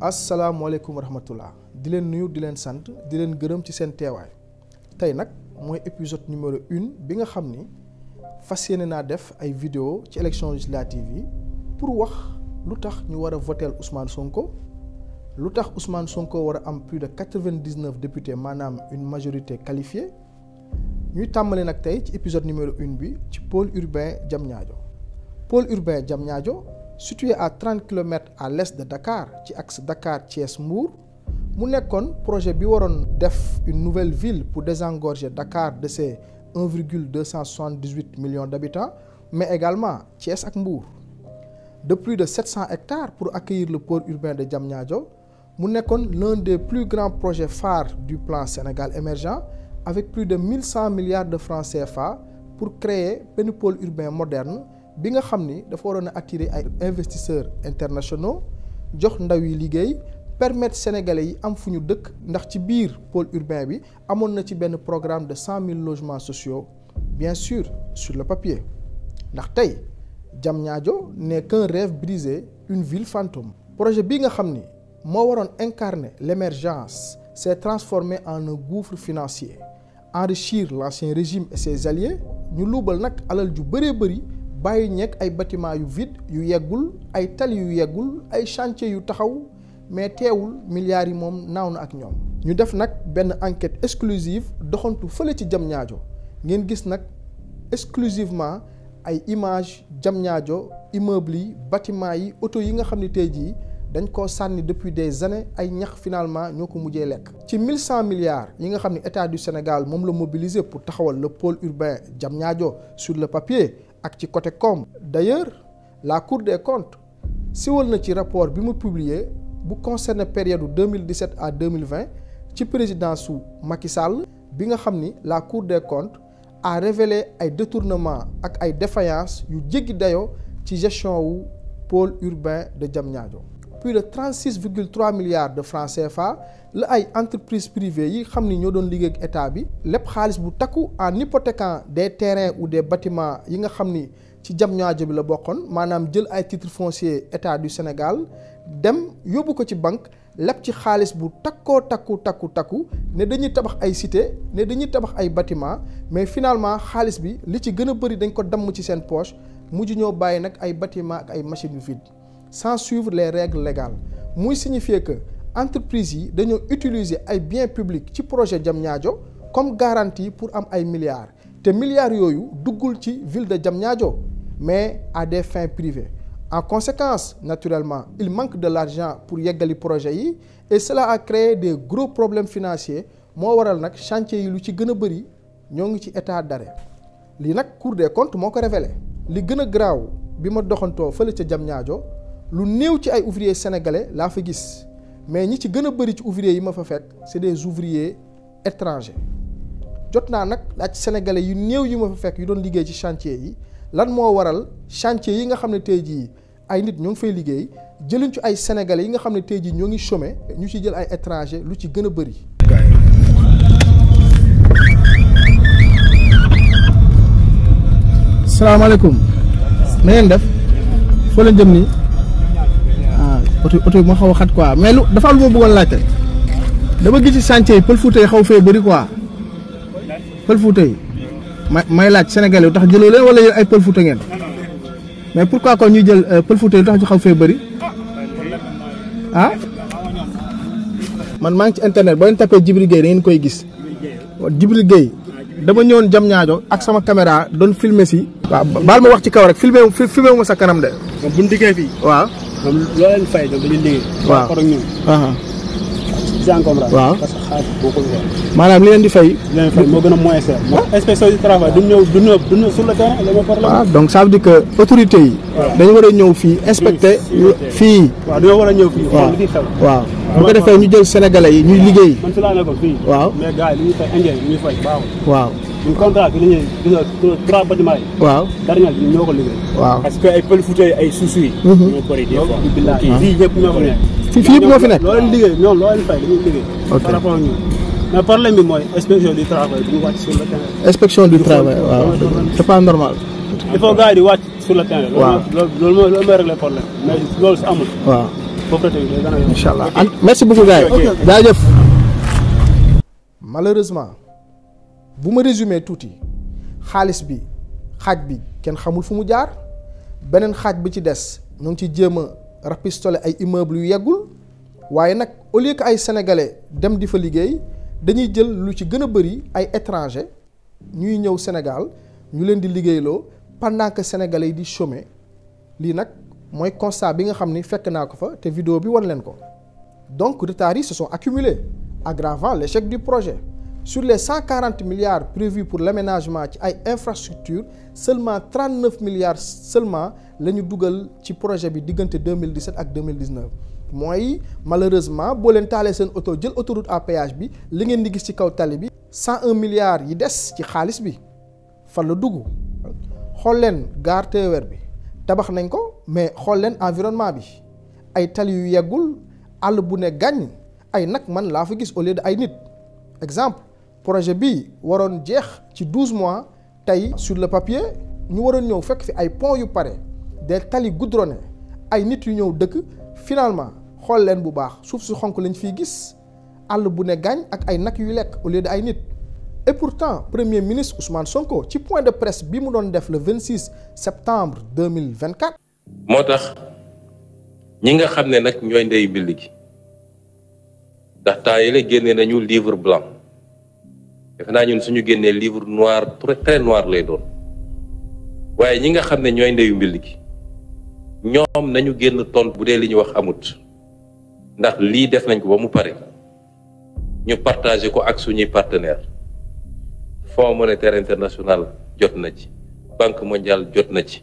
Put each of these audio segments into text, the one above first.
asalaamaaleykum wa rahmatullah di leen nuyu di leen sant di leen gërëm ci seen teewaay tey nag mooy épisode numéro une bi nga xam ni fas yéene naa def ay vidéo ci élection législative yi pour wax lu tax ñu war a voteel Ousmane Sonko lu tax Ousmane Sonko war a am plus de quatre-vingt-dix-neuf maanaam une majorité qualifiée ñuy tàmbali nag tey ci épisode numéro une bi ci pôle urbain ñaajo pôle urbain jam ñaajo situé à 30 kilomètres à l'est de Dakar ci axe Dakar Thiès Mbour mu nekkoon projet bi waroon def une nouvelle ville pour désengorger Dakar de ses 1,278 millions d'habitants mais également Thiès ak Mbour de plus de 700 hectares pour accueillir le pôle urbain de Diamniadio mu nekkoon l'un des plus grands projets phares du plan Sénégal émergent avec plus de 1100 milliards de francs CFA pour créer benn pôle urbain moderne bi nga xam ni dafa waroon a attirer ay investisseurs internationaux jox ndaw yi liggéey permettre sénégalais yi am fu ñu dëkk ndax ci biir pôle urbain bi amoon na ci benn programme de cent mille logements sociaux bien sur le papier ndax tey Diamniadio n'est qu'un rêve brisé une ville fantôme projet bi nga xam ni moo waroon incarner l'émergence s'est transformé en un gouffre financier enrichir l'ancien régime et ses alliés ñu luubal nag alal ju bëree bëri bàyyi ñekk ay bâtiment yu vide yu yeggul ay tali yu yeggul ay chantier yu taxaw mais teewul milliards yi moom naaw na ak ñoom ñu def nag benn enquête exclusive doxantu fële ci jam ñaajo ngeen gis nag exclusivement ay image Diamniadio immeuble yi bâtiment yi oto yi nga xam ne tey jii dañ ko sànni depuis des années ay ñax finalement ñoo ko mujjee lekk ci mille cent milliards yi nga xam ne état du Sénégal moom la mobiliser pour taxawal le pôle urbain Diamniadio sur le papier ak ci côté koom d'ailleurs la cour des comptes siwal na ci rapport bi mu publier bu concerne période 2017 à 2020 ci présidence su Macky Sall bi nga xam ni la cour des comptes a révélé ay détournements ak ay défaillances yu jéggi dayo ci gestion wu pôle urbain de Diamniadio plus de 36,3 milliards de francs CFA la ay entreprises privées yi xam ni ñoo doon liggéey ak état bi lépp xaalis bu takku en hypothéquant des terrain ou des bâtiments yi nga xam ni ci jam naajo bi la bokkoon maanaam jël ay titres foncier état du Sénégal dem yóbbu ko ci banque lépp ci xaalis bu takkoo takku takku takku ne dañuy tabax ay cité ne dañuy tabax ay bâtiments mais finalement xaalis bi li ci gën a bëri dañ ko damm ci seen poche mujj ñoo bàyyi nag ay bâtiments ay machines yu vide sans suivre les règles légales muy signifier que entreprise yi dañoo utiliser ay biens publics ci projet jam ñaajo comme garantie pour am ay milliards te milliards yooyu duggul ci ville de Diamniadio mais à des fins privées en conséquence naturellement il manque de l'argent pour yeggali projet yi et cela a créé des gros problèmes financiers moo waral nag chantier yi lu ci gën a bëri ñoo ngi ci état d'arrêt lii nag Cour des comptes moo ko révélé li gën a garaaw bi ma doxantoo fële ca Diamniadio lu néew ci ay ouvriers sénégalais laa fa gis mais ñi ci gën a bëri ci ouvriers yi ma fa fekk c'est des ouvrier étrangers jot naa nag laaj sénégalais yu néew yi ma fa fekk yi doon liggéey ci chantier yi lan moo waral chantier yi nga xam ne tey jii ay nit ñoo ngi fay liggéey jëluñ ci ay sénégalais yi nga xam ne tey jii ñoo ngi chômé ñu ci jël ay étrangers lu ci gën a bëri. salaamaaleykum na ngeen def foo leen jëm nii. oto oto bi ma xaw a xat quoi mais lu dafa am lu ma bëggoon laajte dama gis ci chantier pël Fuuta xaw fee bari quoi pël Fuuta yi may laaj Sénégalais yu tax jëloo leen wala ay pël Fuuta ngeen mais pourquoi kon ñuy jël euh, pël Fuuta lu tax ji xaw fee bëri ah. man maa ngi ci internet boo leen tapee Djibril Gueye da ngeen koy gis Djibril Gueye dama ñëwoon jam ñaajo ak sama kamera doon filmer si. waaw baal ma wax ci kaw rek filmer filmer wu ma sa kanam de. kon bu fii waaw. ñoom loo leen fay ñoom dañuy liggéey. waaw par rapport ak ñun. leen di fay. li moo gën a moins cher. inspection du travail du ñëw du donc ça veut dire que autorités yi. dañu war a ñëw fii inspecter. fii waaw dañoo war a ñëw fii. waaw ñu jël sénégalais yi ñuy liggéey. man waaw. ñu contrat bi la waaw dernier que ay pël fuute yi. Mhm. ñoo ko ah. fi nekk loo liggéey ñoom loo liggéey. ok mais problème bi mooy inspection du travail du ñu wàcc sur le terrain. inspection du travail waaw c'est pas normal. il faut gars di wàcc sur le terrain. waaw loolu mooy loolu problème mais loolu si waaw foofu allah merci beaucoup gars yi bu ma résumé tuuti xaalis bi xaaj bi kenn xamul fu mu jaar beneen xaaj bi ci des ñu ngi ci jéem a rapistole ay immeuble yu yeggul waaye nag au lieu que ay sénégalais dem di fa liggéey dañuy jël lu ci gën a bëri ay étranger ñuy ñëw Sénégal ñu leen di liggéeyloo pendant que sénégalais yi di chômer lii nag mooy constat bi nga xam ni fekk naa ko fa te vidéo bi wan leen ko donc de yi se sont accumulés aggravant l'échec du projet sur les cent quarante milliards prévus pour l'aménagement ci ay infrastructures seulement trente neuf milliards seulement la ñu dugal ci projet bi diggante 2017 ak 2019 mooy malheureusement boo leen taalee seen oto jël autoroute à bi li ngeen di gis ci kaw tali bi cent un milliards yi des ci xaalis bi fan la dugg xool leen gare TER bi tabax nañ ko mais xool leen environnement bi ay tali yu yeggul àll bu ne gàññ ay nag man laa fa gis au lieu ay nit exemple projet bi waroon jeex ci douze mois tey sur le papier ñu waroon ñëw fekk fi ay pont yu pare des tali goudronné ay nit yu ñëw dëkk finalement xool leen bu baax suuf su xonk lañ fiy gis àll bu ne gaañ ak ay nag yu lekk au lieu de ay nit et pourtant premier ministre Ousmane Sonko ci point de presse bi mu doon def le 26 septembre 2024. moo tax ñi nga xam ne nag ñooy ndeyu mbill gi ndax temps yële génne nañu livre blanc. defe naa ñun suñu génnee livre noir très très noir lay doon waaye ñi nga xam ne ñooy ndeyu mbill gi ñoom nañu génn tontu bu dee li ñu wax amut ndax lii def nañ ko ba mu pare ñu partagé ko ak suñuy partenaire Fonds monétaire international jot na ci Banque mondiale jot na ci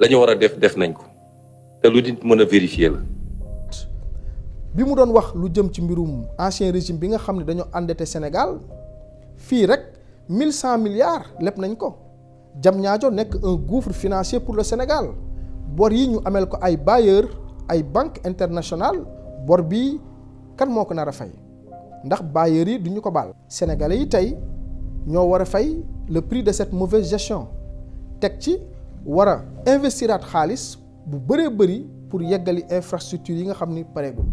lañu ñu war a def def nañ ko te lu di mën a vérifier la bi mu doon wax lu jëm ci mbirum ancien régime bi nga xam ne dañoo endetté Sénégal fii rek mille cent milliards lépp nañ ko jam ñaajo nekk un gouffre financier pour le Sénégal bor yi ñu ameel ko ay bailleurs ay banque internationale bor bi kan moo ko nar a fay ndax bailleurs yi duñu ko baal sénégalais yi tey ñoo war a fay le prix de cette mauvaise gestion teg ci war a investiraat xaalis bu bëree bëri pour yeggali infrastructure yi nga xam ni pareegul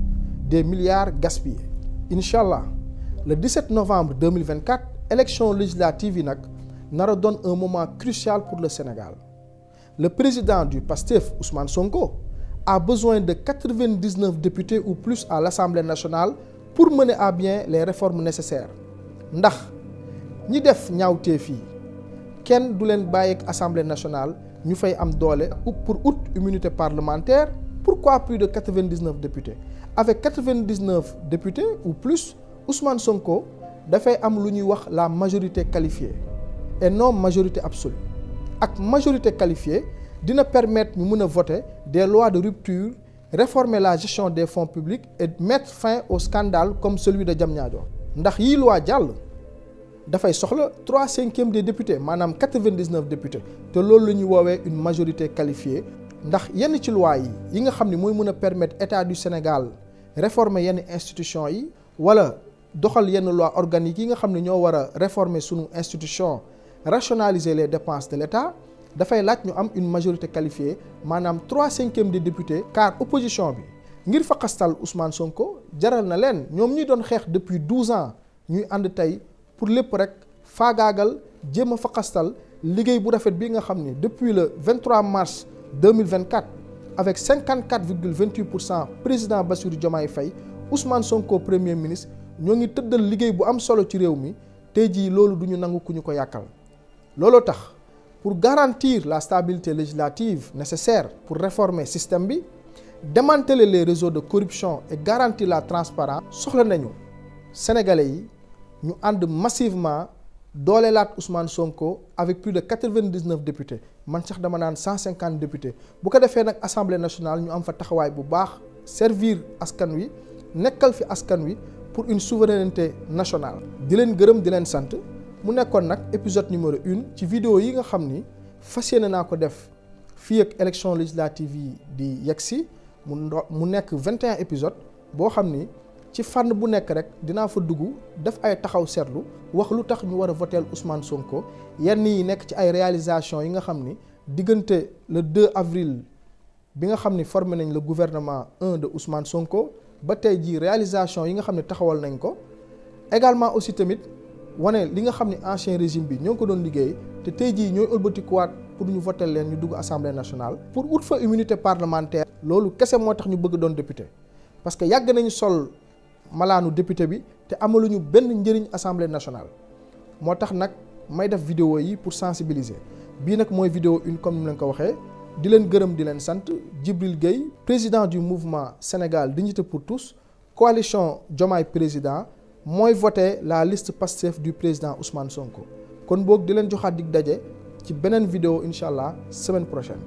des milliards gaspillés incha allah le 17 novembre 2024 élection législative yi nag nara a un moment crucial pour le Sénégal le président du PASTEF Ousmane Sonko a besoin de 99 députés ou plus à l'Assemblée nationale pour mener à bien les réformes nécessaires ndax ñi def ñaawteef fii kenn du leen bàyyi ak Assemblée nationale ñu fay am doole pour out immunité parlementaire pourquoi plus de 99 députés avec 99 députés ou plus Ousmane Sonko dafay am lu ñuy wax la majorité qualifiée et non majorité absolue ak majorité qualifiée dina permettre ñu mën a voter des lois de rupture réformer la gestion des fonds publics et mettre fin au scandale comme celui de Diamniadio ndax yii loi jàll dafay soxla trois cinquièmes de députés maanaam quatre-vingt-dix-neuf te loolu la ñuy woowee une majorité qualifiée ndax yenn ci loi yi yi nga xam ne mooy mën a permettre état du Sénégal réformer yenn institution yi wala doxal yenn loi organique yi nga xam ne ñoo war a réformer sunu institution rationaliser les dépense de l'État dafay laaj ñu am une majorité qualifiée maanaam trois de député députés car opposition bi ngir faqastal Ousmane Sonko jaral na leen ñoom ñuy doon xeex depuis douze ans ñuy ànd tey pour lépp rek faagaagal jéem a faqastal liggéey bu rafet bi nga xam ni depuis le 23 mars 2024 avec 54 virgule 28 pour cent président Bassirou Diomaye Faye Ousmane Sonko premier ministre ñoo ngi tëddal liggéey bu am solo ci réew mi tey jii loolu du ñu nangu ku ñu ko yàkkal looloo tax pour garantir la stabilité législative nécessaire pour réformer système bi démanteler les réseaux de corruption et garantir la transparence soxla nañu sénégalais yi ñu ànd massivement doole laat Ousmane Sonko avec plus de quatre-vingt-dix-neuf man sax dama naan cent cinquante députés bu ko defee nag assemblée nationale ñu am fa taxawaay bu baax servir askan wi nekkal fi askan wi pour une souveraineté nationale di leen gërëm di leen sant mu nekkoon nag épisode numéro une ci vidéo yi nga xam ni fas yéene naa ko def fii ak élection législative yi di yegg si mu mu nekk vingt 21 épisode boo xam ni ci fànn bu nekk rek dinaa fa dugg def ay taxaw seetlu wax lu tax ñu war a voteel Ousmane Sonko yenn yi nekk ci ay réalisation yi nga xam ni diggante le 2 avril bi nga xam ni formé nañ la gouvernement un de Ousmane Sonko ba tey jii réalisation yi nga xam ne taxawal nañ ko également aussi tamit wane li nga xam ne ancien régime bi ñoo ngi ko doon liggéey te tey jii ñooy ëlbatikuwaat pour ñu voter leen ñu dugg assemblée nationale pour wut fa immunité parlementaire loolu kese moo tax ñu bëgg doon député parce que yàgg nañu sol malaanu député bi te amalu ñu benn njëriñ assemblée nationale moo tax nag may def vidéo yi pour sensibiliser bii nag mooy video une comme ni mu ko waxee di leen gërëm di leen sant Djibril Gueye président du mouvement Sénégal dignité pour tous coalition Diomaye président mooy voté la liste Pastef du président Ousmane Sonko kon boog di leen joxaat di daje ci beneen vidéo incha allah semaine prochaine.